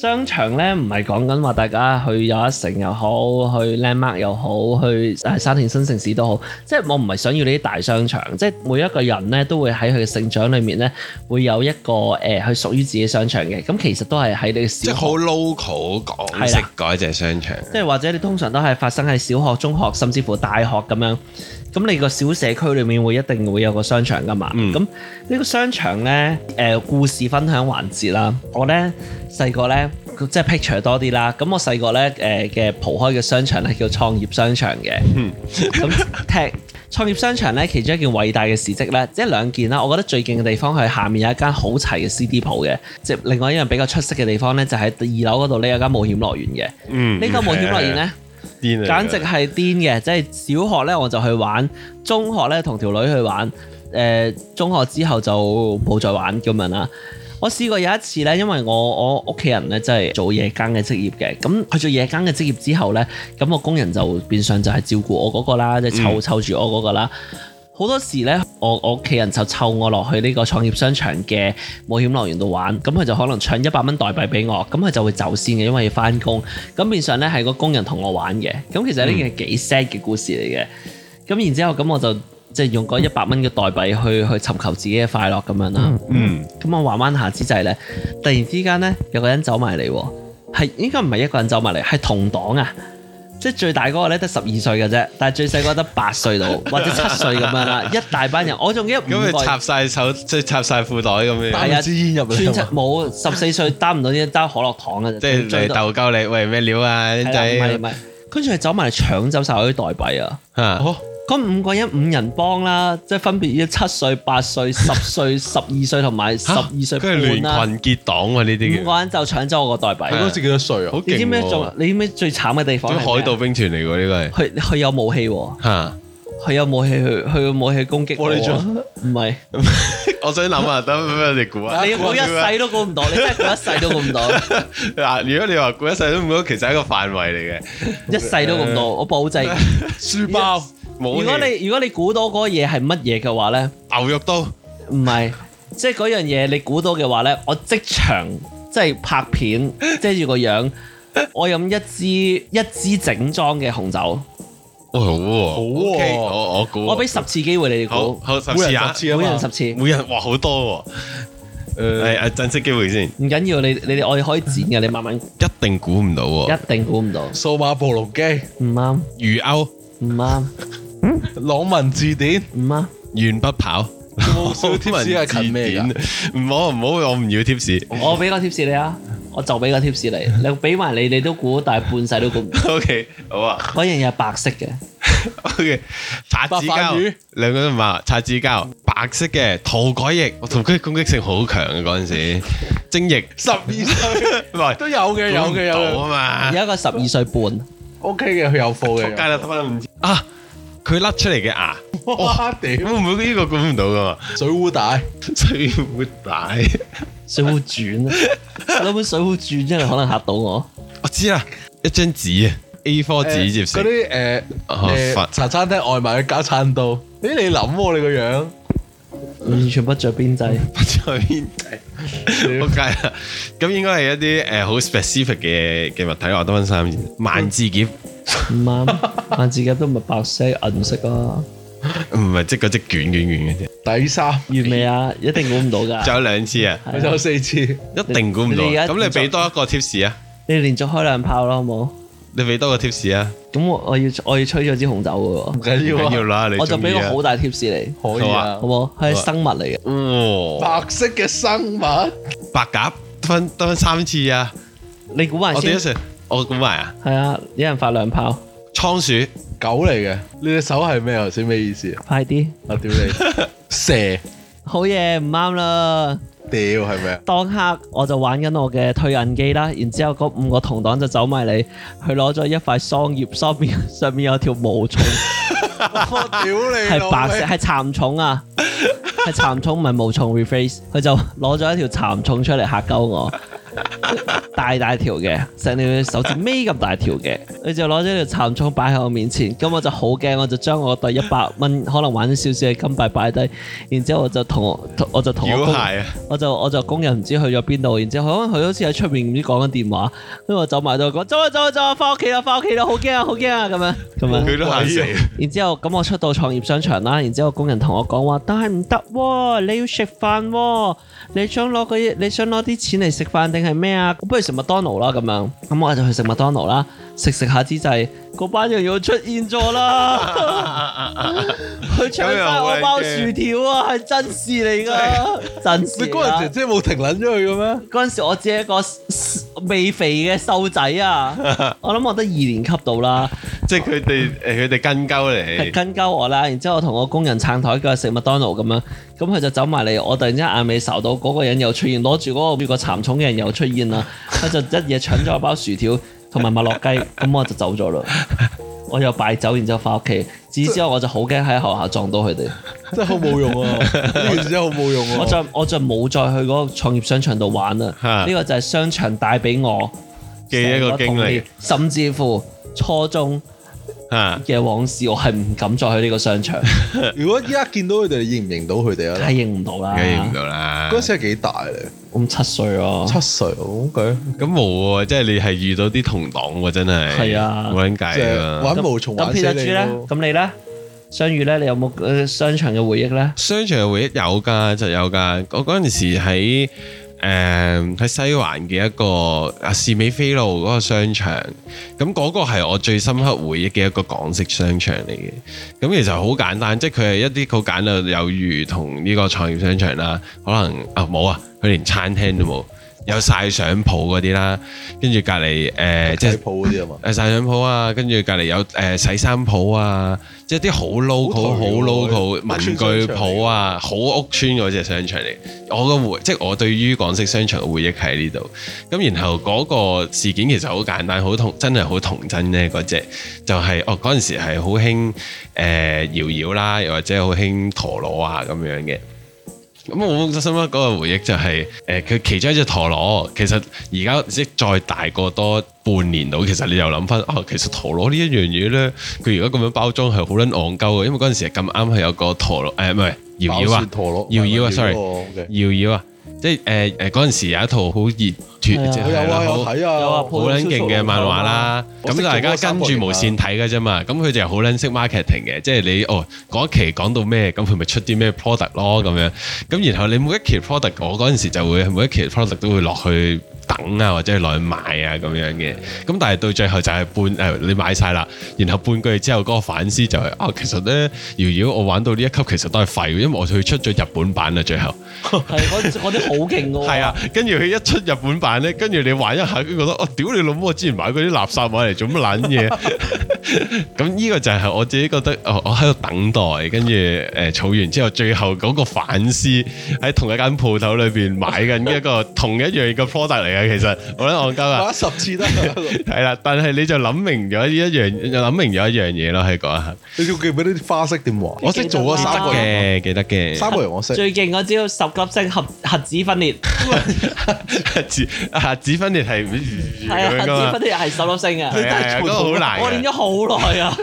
商場咧唔係講緊話大家去又一城又好，去 Landmark 又好，去誒沙田新城市都好，即係我唔係想要呢啲大商場，即係每一個人咧都會喺佢嘅成長裏面咧會有一個誒係、呃、屬於自己商場嘅，咁其實都係喺你嘅小即係好 local 講識嗰一隻商場，即係的或者你通常都係發生喺小學、中學，甚至乎大學咁樣。咁你個小社區裏面會一定會有個商場㗎嘛？咁呢、嗯、個商場呢，誒、呃、故事分享環節啦。我呢，細個呢，即係 picture 多啲啦。咁我細個呢，誒嘅蒲開嘅商場呢，叫創業商場嘅。咁、嗯、踢創業商場呢，其中一件偉大嘅事蹟呢，即係兩件啦。我覺得最勁嘅地方係下面有一間好齊嘅 CD 鋪嘅。即係另外一樣比較出色嘅地方呢，就喺、是、二樓嗰度呢，有間冒險樂園嘅。呢個、嗯嗯、冒險樂園呢。嗯簡直係癲嘅，即係小學呢，我就去玩，中學呢，同條女去玩，誒、呃，中學之後就冇再玩咁樣啦。我試過有一次呢，因為我我屋企人呢，真係做夜間嘅職業嘅，咁去做夜間嘅職業之後呢，咁個工人就變相就係照顧我嗰個啦，即係湊湊住我嗰個啦。嗯好多時咧，我我屋企人就湊我落去呢個創業商場嘅冒險樂園度玩，咁佢就可能搶一百蚊代幣俾我，咁佢就會先走先嘅，因為要翻工。咁變相咧係個工人同我玩嘅，咁其實呢件係幾 sad 嘅故事嚟嘅。咁、嗯、然之後，咁我就即係用嗰一百蚊嘅代幣去去尋求自己嘅快樂咁樣啦、嗯嗯嗯。嗯。咁我玩玩下之際咧，突然之間咧有個人走埋嚟，係應該唔係一個人走埋嚟，係同黨啊！即係最大嗰個咧得十二歲嘅啫，但係最細嗰個得八歲到 或者七歲咁樣啦，一大班人，我仲記得。咁佢插晒手，即係插晒褲袋咁樣。一支煙入嚟。冇， 十四歲擔唔到啲擔可樂糖嘅。即係嚟逗鳩你，喂咩料啊？唔係唔係。跟住係走埋嚟搶走晒我啲代幣啊！嚇，嗰五個人五人幫啦，即係分別係七歲、八歲、十歲、十二 歲同埋十二歲。嚇、啊，係聯群結黨啊。呢啲。五個人就搶走我個代幣。佢嗰、啊、時幾多歲啊？好勁喎！你知唔知最你知唔知最慘嘅地方？海盜兵團嚟喎呢個係。佢佢有武器喎、啊、佢、啊、有武器去佢武器攻擊我哋。唔係、哦。是 我想諗啊，等你估啊！你估一世都估唔到， 你真係估一世都估唔到。嗱， 如果你話估一世都估到，其實係一個範圍嚟嘅。 一世都估唔到，我保證。 書包冇。如果你如果你估到嗰嘢係乜嘢嘅話咧，牛肉刀。唔係，即係嗰樣嘢你估到嘅話咧，我即場即係、即係、拍片即係遮住個樣， 我飲一支一支整裝嘅紅酒。好，好，我我估，我俾十次機會你哋估，十次啊，每人十次，每人哇好多，誒，珍惜機會先，唔緊要，你你哋我可以剪嘅，你慢慢，一定估唔到，一定估唔到，數碼暴龍機，唔啱，魚鈎，唔啱，朗文字典，唔啱，鉛筆刨，冇小貼士啊，近咩啊？唔好唔好，我唔要貼士，我俾個貼士你啊。我就俾個貼士你，你俾埋你，你都估大半世都估唔到。 OK，好啊。嗰樣嘢白色嘅。OK，擦紙膠。兩個都唔錯，擦紙膠白色嘅塗改液，塗佢 攻擊性好強啊！嗰陣時，精液十二歲，唔係 都有嘅， 有嘅有啊嘛。有一個十二歲半。OK 嘅，佢有貨嘅。隔日睇翻唔知啊。佢甩出嚟嘅牙，哇、oh，屌！會唔會呢個估唔到噶？水壺帶 帶， 水壺帶， 水壺轉咧！嗰本水壺轉真係可能嚇到我。 我知啦，一張紙啊，A4 紙。嗰啲誒，茶餐廳外賣嘅加餐刀。咦？你諗喎，你個樣完全不着邊際，不着邊際。我計啦，咁應該係一啲誒好 specific 嘅嘅物體，我得返三萬字劍。唔啱，萬字夾都唔係白色、銀色啊。唔係，即嗰隻卷卷卷嘅啫。底衫完未啊？一定估唔到噶。就兩次啊，我做四次，一定估唔到。咁你俾多一個貼士啊？你連續開兩炮咯，好冇？你俾多個貼士啊？咁我要我要吹咗支紅酒嘅喎，唔緊要，唔緊要啊。我就俾個好大貼士你，可以啊，好冇？係生物嚟嘅。白色嘅生物，白鴿得翻得翻三次啊！你估下先。我估埋啊！係、哦、啊，一人發兩炮。倉鼠狗嚟嘅，呢隻手係咩啊？寫咩意思啊？快啲點！我屌你！蛇 射。好嘢，唔啱啦。屌係咪啊？當刻我就玩緊我嘅推人機啦，然後之後嗰五個同黨就走埋嚟，佢攞咗一塊桑葉，上面上面有條毛蟲。我屌你！係白色，係蠶蟲啊！係蠶蟲唔係毛蟲。Rephrase 佢就攞咗一條蠶蟲出嚟嚇鳩我。大大條嘅，成條手指尾咁大條嘅，你就攞咗條蠶蟲擺喺我面前，咁我就好驚，我就將我第一百蚊，可能玩咗少少嘅金幣擺低，然之後我就同我我就同我，我就我就工人唔知去咗邊度，然之後可能佢好似喺出面唔知講緊電話，跟住我走埋度講走啊走啊走啊，翻屋企啦翻屋企啦，好驚啊好驚啊咁樣咁樣，樣然之後咁我出到創業商場啦，然之後工人同我講話，但係唔得喎，你要食飯喎、啊，你想攞佢你想攞啲錢嚟食飯定、啊、係？係咩啊？咁不如食麥當勞啦，咁樣咁、嗯、我就去食麥當勞啦，食食下之際，嗰、就是、班人又出現咗啦，佢搶翻我包薯條啊，係真事嚟㗎， 真事啊！你嗰時真係冇停撚咗佢嘅咩？嗰陣時我只係一個未肥嘅瘦仔啊，我諗我得二年級到啦。即係佢哋誒，佢哋跟鳩嚟，跟鳩我啦。然之後我同個工人撐檯，佢話食麥當勞咁樣，咁佢就走埋嚟。我突然之間眼尾受到，嗰個人又出現，攞住嗰個叫個蠶蟲嘅人又出現啦。佢就一夜搶咗我包薯條同埋麥樂雞，咁 我就走咗啦。我又敗走，然之後翻屋企。自此之後，我就好驚喺學校撞到佢哋， 真係好冇用啊！呢件事真係好冇用啊！我就我再冇再，再去嗰個創業商場度玩啦。呢 個就係商場帶俾我嘅一個經歷，甚至乎初中。嘅、啊、往事我係唔敢再去呢個商場。 如果依家見到佢哋你認唔認到佢哋啊？係認唔到啦，認唔到啦。嗰時係幾大咧？咁七歲啊，七歲。咁咁冇喎，即係你係遇到啲同黨喎，真係。係啊，冇人計啊，玩毛蟲玩起你。咁 Peter G 咧？咁你咧？相遇咧？你有冇商場嘅回憶咧？商場嘅回憶有噶，就有噶。我嗰陣時喺。誒喺、嗯、西環嘅一個啊士美菲路嗰個商場，咁、那、嗰個係我最深刻回憶嘅一個港式商場嚟嘅。咁、那個、其實好簡單，即係佢係一啲好簡陋，有如同呢個創業商場啦。可能啊冇啊，佢、啊、連餐廳都冇，有晒相鋪嗰啲啦，跟住隔離誒，即係鋪嗰啲啊嘛，誒曬相鋪啊，跟住隔離有誒洗衫鋪啊，即係啲好 local、好 local 文具鋪啊，好屋村嗰隻商場嚟。我個回即係我對於港式商場嘅回憶喺呢度。咁然後嗰個事件其實好簡單，好童真係好童真咧。嗰隻就係哦嗰陣時係好興誒瑤瑤啦，又或者好興陀螺啊咁樣嘅。咁我深刻嗰個回憶就係誒佢其中一隻陀螺，其實而家即再大過多半年度，其實你又諗翻哦，其實陀螺呢一樣嘢咧，佢如果咁樣包裝係好撚戇鳩嘅。因為嗰陣時係咁啱係有個陀螺唔係，哎、搖搖啊，搖搖啊，sorry，搖搖啊。即係誒誒嗰陣時有一套好熱脱熱血嘅，好好撚勁嘅漫畫啦。咁大家跟住無線睇嘅啫嘛。咁佢就好撚識 marketing 嘅，即係你哦嗰一期講到咩？咁佢咪出啲咩 product 咯咁樣。咁然後你每一期 product，我嗰陣時就會每一期 product 都會落去。等啊，或者去落去買啊，咁樣嘅。咁但係到最後就係半誒、哎，你買晒啦，然後半個月之後嗰個反思就係、是、哦，其實咧，瑤瑤我玩到呢一級其實都係廢，因為我佢出咗日本版啦，最後係我我啲好勁嘅喎。係 啊，跟住佢一出日本版咧，跟住你玩一下，佢覺得哦屌你老母，我之前買嗰啲垃圾買嚟做乜撚嘢？咁呢 個就係我自己覺得，哦、我喺度等待，跟住誒儲完之後，最後嗰個反思喺同一間鋪頭裏邊買緊一個同一樣嘅 product 嚟其實我覺得我夠啊，玩十次得係啦，但係你就諗明咗呢一樣，就諗明咗一樣嘢咯，係講啊。你仲記唔記得啲花式點玩？我識做過三個嘅，記得嘅。三個我識。最勁嗰招十粒星，核核子分裂。核子核子分裂係，係啊，核子分裂又係十粒星啊，都好難。我練咗好耐啊。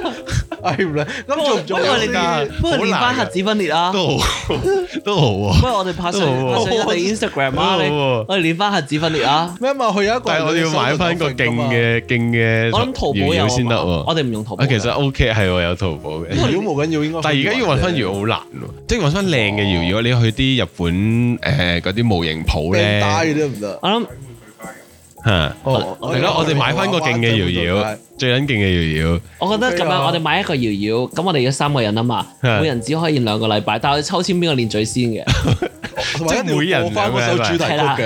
係唔理，咁我不過你但係練翻核子分裂啦，都好都好啊。不過我哋拍上我哋 Instagram 啊，你我哋練翻核子分裂啊。咩嘛？去有一個，但係我哋要買翻個勁嘅勁嘅，我諗淘寶有先得。我哋唔用淘寶，其實 OK 係有淘寶嘅。如果冇緊要，應該。但係而家要揾翻搖搖好難，即係揾翻靚嘅搖搖，如果你去啲日本誒嗰啲模型鋪咧，大嘅都唔得。我諗。係咯，哦、對我哋買翻個勁嘅瑤瑤，最撚勁嘅瑤瑤。我覺得咁樣，我哋買一個瑤瑤，咁我哋要三個人啊嘛，的每人只可以練兩個禮拜，但係抽籤邊個練最先嘅，即係 每人會係啦，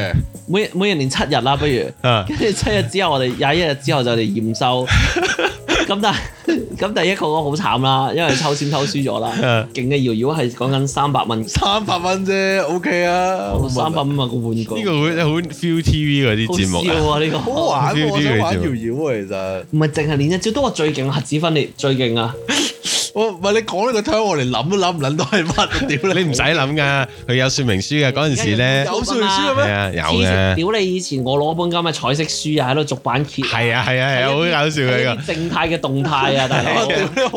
每每人練七日啦，不如，跟住的七日之後我，我哋廿一日之後就嚟驗收。 咁但係，咁第一個我好慘啦，因為抽籤偷輸咗啦，勁嘅瑤瑤係講緊三百蚊，三百蚊啫，OK 啊，三百蚊買個玩具，呢個好好 ViuTV 嗰啲節目好笑啊，呢、這個 好玩喎、啊， 我想玩瑤瑤啊，其實唔係淨係練一招，都話最勁，核子分裂最勁啊！ 我唔係你講呢個聽，我連諗都諗唔諗到係乜屌你！你唔使諗噶，佢有說明書噶嗰陣時咧，有說明書咩？有嘅。屌你！以前我攞本咁嘅彩色書啊，喺度逐版揭。係啊係啊係啊，好搞笑嘅一個。靜態嘅動態啊，大佬。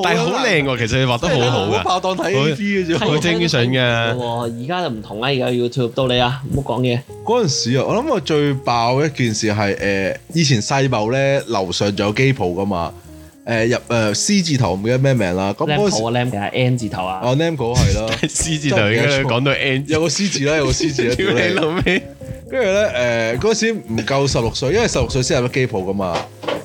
但係好靚，其實你畫得好好噶。好爆睇 E V 嘅啫，好精神嘅。而家就唔同啦，而家 YouTube 到你啊，唔好講嘢。嗰陣時啊，我諗我最爆一件事係誒，以前細鋪咧樓上仲有機鋪噶嘛。誒入誒，呃，C 字頭唔記得咩名啦。咁嗰時係、啊、N 字頭啊，阿、啊、N 果係咯，C 字頭而家講到 N，有個 C 字啦，有個 C 字嘅。跟住咧，誒嗰、 呃那個、時唔夠十六歲，因為十六歲先入得機鋪噶嘛。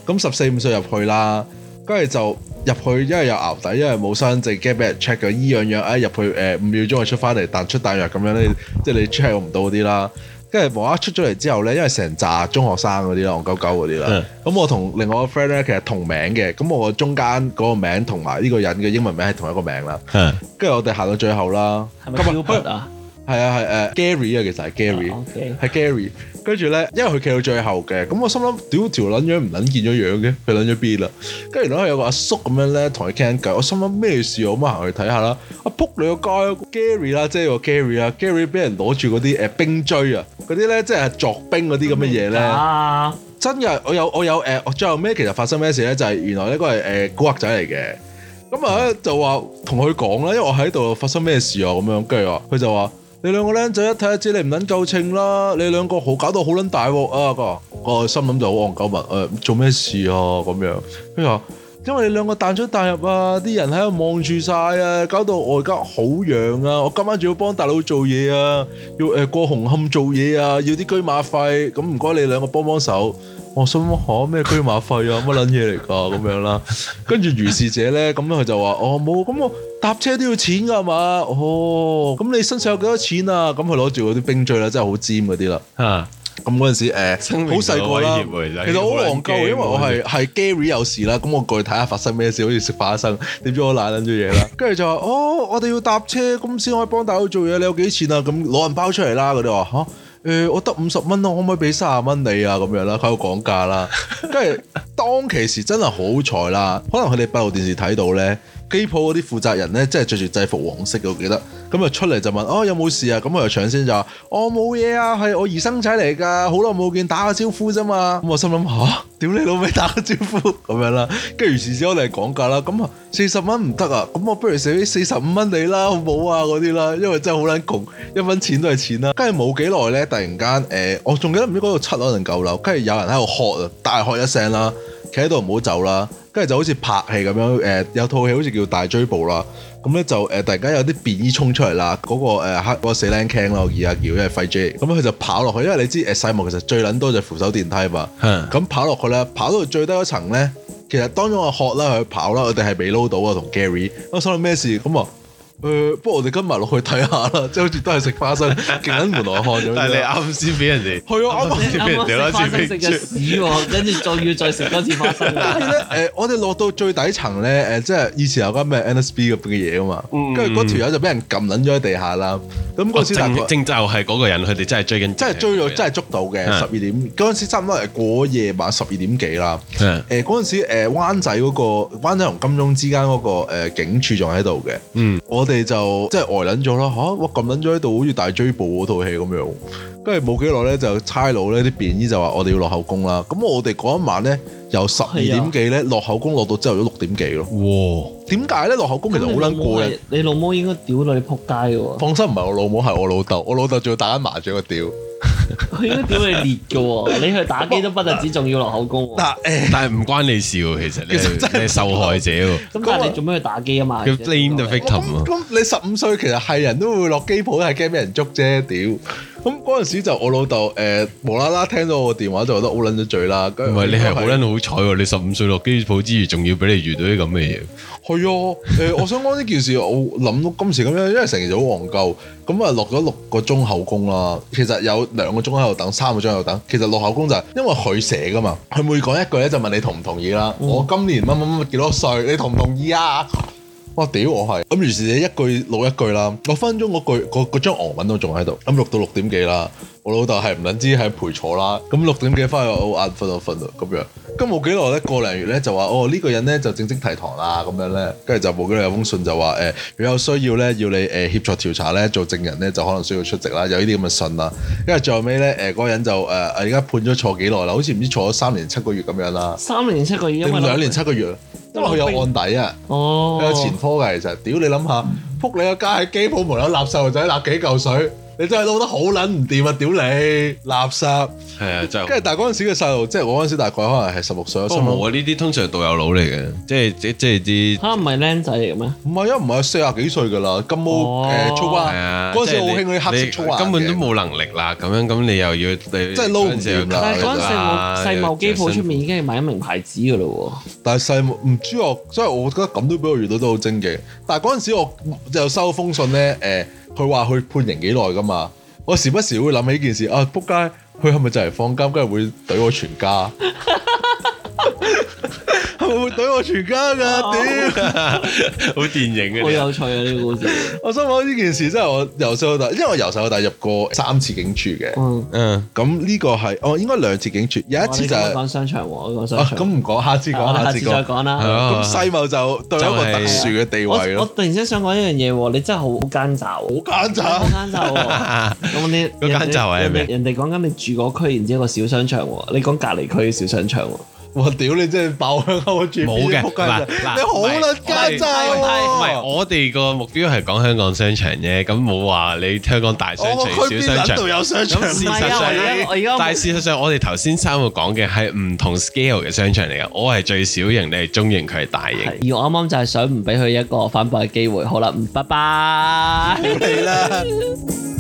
咁十四五歲入去啦，跟住就入去，因為有淆底，因為冇身份證，驚俾人 check 嘅。依樣樣，哎、啊、入去誒、呃呃、五秒鐘就出翻嚟，彈出彈藥咁樣咧，即係你 check 唔、就是、到啲啦。跟住無啦，出咗嚟之後呢，因為成紮中學生嗰啲啦，戇鳩鳩嗰啲啦，咁的我同另外一個 friend 呢，其實同名嘅，咁我中間嗰個名同埋呢個人嘅英文名係同一個名啦，跟住的我哋行到最後啦，係咪啊？係啊係、啊、Gary 啊，其實係 Gary，係、uh, okay. Gary。跟住咧，因為佢企到最後嘅，咁我心諗屌條捻樣唔捻見咗樣嘅，佢捻咗邊啦。跟住原來有個阿叔咁樣咧，同佢傾緊偈。我心諗咩事？我咪行去睇下啦。阿扑你個街 Gary 啦、呃，即係個 Gary 啊，Gary 俾人攞住嗰啲誒冰錐、嗯、啊，嗰啲咧即係鑿冰嗰啲咁嘅嘢咧。真嘅，我有我有誒、呃，最後咩其實發生咩事咧？就係、是、原來,個、呃、古來呢個係誒古惑仔嚟嘅。咁啊就話同佢講啦，因為我喺度發生咩事啊咁樣。跟住話佢就話。你兩個靚仔一睇就知你唔撚夠稱啦！你兩個好搞到好撚大鑊啊！個個心諗就好戇鳩問誒、呃、做咩事啊咁樣，係啊。因為你兩個彈出彈入啊，啲人喺度望住晒啊，搞到我而家好癢啊！我今晚仲要幫大佬做嘢啊，要誒、呃、過紅磡做嘢啊，要啲車馬費，咁唔該你兩個幫幫手。我、哦、想諗咩、哦、車馬費啊，乜撚嘢嚟噶咁樣啦？跟住如是者呢，咁樣佢就話哦冇，咁我搭車都要錢噶係嘛？哦，咁、哦、你身上有幾多錢啊？咁佢攞住嗰啲冰錐啦，真係好尖嗰啲啦。咁嗰陣時，好細個啦，其實好戇鳩，因為我係係 Gary 有事啦，咁我過去睇下發生咩事，好似食花生，點知我懶撚咗嘢啦，跟住 就話哦，我哋要搭車，公司可以幫大家做嘢，你有幾錢啊？咁攞銀包出嚟啦，佢哋話嚇誒，我得五十蚊，我可唔可以俾卅蚊你啊？咁樣啦，佢喺度講價啦，跟住當其時真係好彩啦， 可能佢哋閉路電視睇到咧。機鋪嗰啲負責人咧，即係着住制服黃色嘅，我記得。咁啊出嚟就問哦，有冇事啊？咁我又搶先就話：哦，冇嘢啊，係我姨生仔嚟㗎，好耐冇見，打個招呼咋嘛？咁我心諗嚇，屌你老味，打個招呼咁樣啦。跟住完事我哋講價啦。咁啊，四十蚊唔得啊，咁我不如寫四十五蚊你啦，好唔好啊？嗰啲啦，因為真係好撚窮，一蚊錢都係錢啦、啊。跟住冇幾耐咧，突然間誒、呃，我仲記得唔知嗰度七樓定九樓，跟住有人喺度喝啊，大喝一聲啦。企喺度唔好走啦，跟住就好似拍戲咁樣，誒、呃、有套戲好似叫《大追捕》啦，咁咧就誒突然間有啲便衣衝出嚟啦，嗰、那個誒黑嗰個死僆 can 咯，而家叫因為廢 J，咁佢就跑落去，因為你知誒、啊、細幕其實最撚多就扶手電梯嘛，咁跑落去咧，跑到最低一層咧，其實當中我學啦佢跑啦，我哋係未撈到啊同 Gary，我心諗咩事咁啊？誒，不過我哋今日落去睇下啦，即係好似都係食花生，企喺門內看咗，但係你啱先俾人哋，係啊，啱先俾掉一次，跟住再要再食多次花生。誒，我哋落到最底層咧，誒，即係以前有間咩 NSB 咁嘅嘢啊嘛，跟住嗰條友就俾人撳撚咗喺地下啦。咁我正正就係嗰個人，佢哋真係追緊，真係追到，真係捉到嘅。十二點嗰陣時，差唔多係過夜晚十二點幾啦。誒，嗰陣時誒，灣仔嗰個灣仔同金鐘之間嗰個警署仲喺度嘅。嗯，我哋就即係呆撚咗咯嚇，哇撳撚咗喺度，好似大追捕嗰套戲咁樣。跟住冇幾耐咧，就差佬咧啲便衣就話：我哋要落口供啦。咁我哋嗰一晚咧，由十二點幾咧落的口供，落到朝頭早六點幾咯。哇、哦！點解咧落口供其實好撚攰？你老母應該屌到你仆街嘅喎！放心，唔係我老母，係我老豆。我老豆仲要打緊麻將嘅屌。佢應該屌你裂㗎喎，你去打機都不得止，仲要落口供喎。但係唔、欸、關你事喎，其實你係受害者喎。咁但係你做咩去打機啊嘛？blame the victim 喎咁你十五歲其實係人都會落機鋪，係驚俾人捉啫，屌！咁嗰陣時就我老豆誒、呃、無啦啦聽到我電話是就覺得好捻咗嘴啦。唔係你係好捻好彩喎，你十五歲落機鋪之餘，仲要俾你遇到啲咁嘅嘢。係啊，誒、呃，我想講呢件事， 我諗到今時咁樣，因為成件事好戇鳩，咁啊落咗六個鐘口供啦。其實有兩個鐘喺度等，三個鐘喺度等。其實落口供就係、是、因為佢寫噶嘛，佢每講一句咧就問你同唔同意啦。哦、我今年乜乜乜幾多歲？你同唔同意啊？我屌我係咁，於是你一句錄一句啦。六分鐘嗰句，嗰嗰張昂文都仲喺度。咁錄、嗯、到六點幾啦。我老豆係唔撚知喺陪坐啦。咁六點幾翻去我眼瞓就瞓啦咁樣。咁冇幾耐咧，個零月咧就話哦呢、這個人咧就正正提堂啦咁樣咧。跟住就冇幾耐有封信就話誒、呃，如果有需要咧要你誒協、呃、助調查咧做證人咧，就可能需要出席啦。有呢啲咁嘅信啦。跟住最後尾咧誒嗰個人就誒而家判咗坐幾耐啦，好似唔知坐咗三年七個月咁樣啦。三年七個月。定兩年七個月。因為佢有案底啊，哦、佢有前科㗎，其實屌你諗下，撲你個街喺機鋪門口揦細路仔揦幾嚿水。你真係撈得好撚唔掂啊！屌你，垃圾！係啊，真係。跟住，但係嗰陣時嘅細路，即係我嗰陣時大概可能係十六歲。都冇啊！呢啲通常係導遊佬嚟嘅，即係即即係啲嚇唔係靚仔嚟嘅咩？唔係啊，唔係四啊幾歲㗎啦，金毛誒粗啊！嗰陣時我好興嗰啲黑色粗啊，根本都冇能力啦。咁樣咁你又要即係撈唔掂但係嗰陣時細茂機鋪出面已經係買名牌紙㗎咯喎。但係細茂唔知啊，所以我覺得咁都俾我遇到都好精嘅。但係嗰陣時我就收封信咧，誒、呃。佢話佢判刑幾耐噶嘛？我時不時會諗起呢件事啊！扑街，佢係咪就嚟放監？今日會懟我全家。 佢會對我全家噶，屌！好電影嘅，好有趣啊！呢個故事，我想講呢件事，真係我由細到大，因為我由細到大入過三次警署嘅，嗯，咁呢個係哦，應該兩次警署，有一次就係講商場喎，講商場，咁唔講，下次講，下次再講啦。咁西茂就對有個特殊嘅地位咯。我突然之間想講一樣嘢，你真係好奸詐，好奸詐，好奸詐。咁你奸詐係咩？人哋講緊你住嗰區，然之後一個小商場，你講隔離區小商場。我屌你真係爆香港嘅目標，你好撚家仔！唔係，我哋個目標係講香港商場啫，咁冇話你香港大商場、小商場。區邊度有商場？唔係啊！我而家，但係事實上，我哋頭先三個講嘅係唔同 scale 嘅商場嚟噶。我係最小型，你係中型，佢係大型。而我啱啱就係想唔俾佢一個反駁嘅機會。好啦，嗯，拜拜。嚟啦！